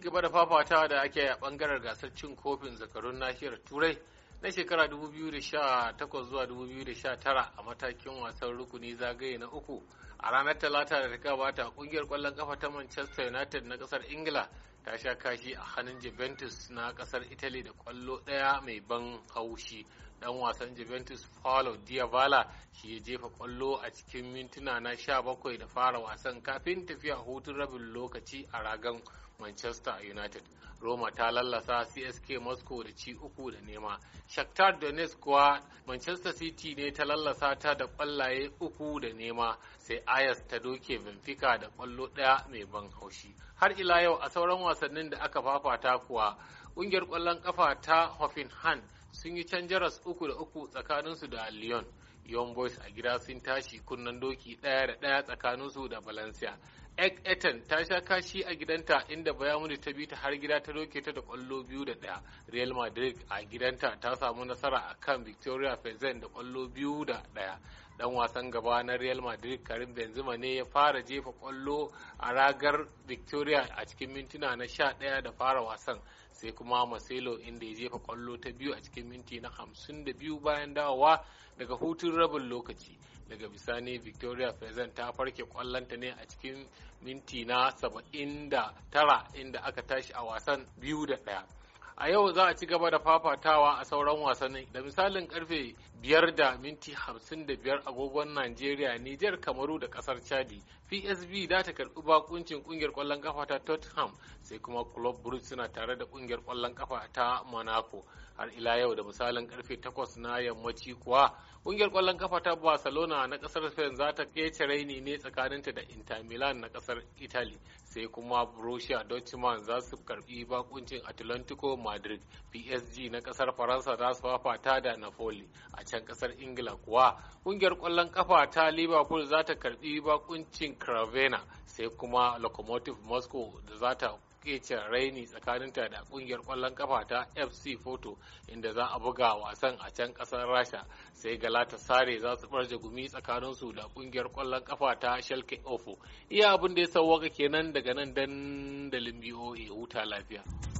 cigaba gaba da fafatawa da ake a bangaren gasar cin kofin zakarun nahiyar turai na shekara 2018 zuwa 2019 a matakin wasan rukuni zagaye na uku a ranar talata da ta gabata kungiyar kwallon kafa ta manchester united na kasar ingila ta sha kashi a hannun juventus na kasar italy da kwallo daya mai ban haushi dan wasan Juventus Paulo Diavala shi ya jefa kwallo a cikin mintuna na 17 da fara wasan kafin tafiya hutun rabin lokaci a ragan Manchester United. Roma ta lallasa CSK Moscow da ci uku da nema. Shakhtar Donetsk kuwa Manchester City ne ta lallasa ta da kwallaye uku da nema sai Ayas ta doke Benfica da kwallo ɗaya mai ban haushi. Har ila yau a sauran wasannin da aka fafata kuwa ƙungiyar kwallon ƙafa ta Hoffenheim sun yi can jaras uku da uku tsakaninsu da Lyon. Young Boys a gida sun tashi kunnen doki ɗaya da ɗaya tsakaninsu da Valencia. Ek Eton ta sha kashi a gidanta inda Bayamuni ta bi ta har gida ta doke ta da ƙwallo biyu da ɗaya. Real Madrid a gidanta ta samu nasara a kan Victoria Fezen da Kwallo biyu da ɗaya. dan wasan gaba na real madrid karim benzema ne ya fara jefa kwallo a ragar victoria a cikin mintuna na sha ɗaya da fara wasan sai kuma marcelo inda ya jefa kwallo ta biyu a cikin minti na hamsin da biyu bayan dawowa daga hutun rabin lokaci daga bisani victoria pheasant ta farke kwallonta ne a cikin minti na saba'in da tara inda aka tashi a wasan biyu da daya a yau za a ci gaba da fafatawa a sauran wasannin da misalin karfe biyar da minti hamsin da biyar agogon Najeriya, Nijar, Kamaru da kasar Chadi. PSV za ta karɓi bakuncin ƙungiyar kwallon kafa ta Tottenham sai kuma Club Brugge suna tare da ƙungiyar kwallon kafa ta Monaco. Har ila yau da misalin karfe takwas na yammaci kuwa ƙungiyar ƙwallon kafa ta Barcelona na kasar Spain za ta kece raini ne tsakaninta da Inter Milan na kasar Italy sai kuma Borussia Dortmund za su karɓi bakuncin Atlantico Madrid. PSG na kasar Faransa za su fafata da Napoli. A can kasar ingila kuwa kungiyar kwallon kafa ta liverpool za ta karbi bakuncin cravena sai kuma locomotive moscow da za ta kece raini tsakaninta da kungiyar kwallon kafa ta fc photo inda za a buga wasan a can kasar rasha sai galatasaray za su barje gumi tsakanin su da kungiyar kwallon kafa ta shalke ofo iya abin da ya sauwaka kenan daga nan dandalin boa huta lafiya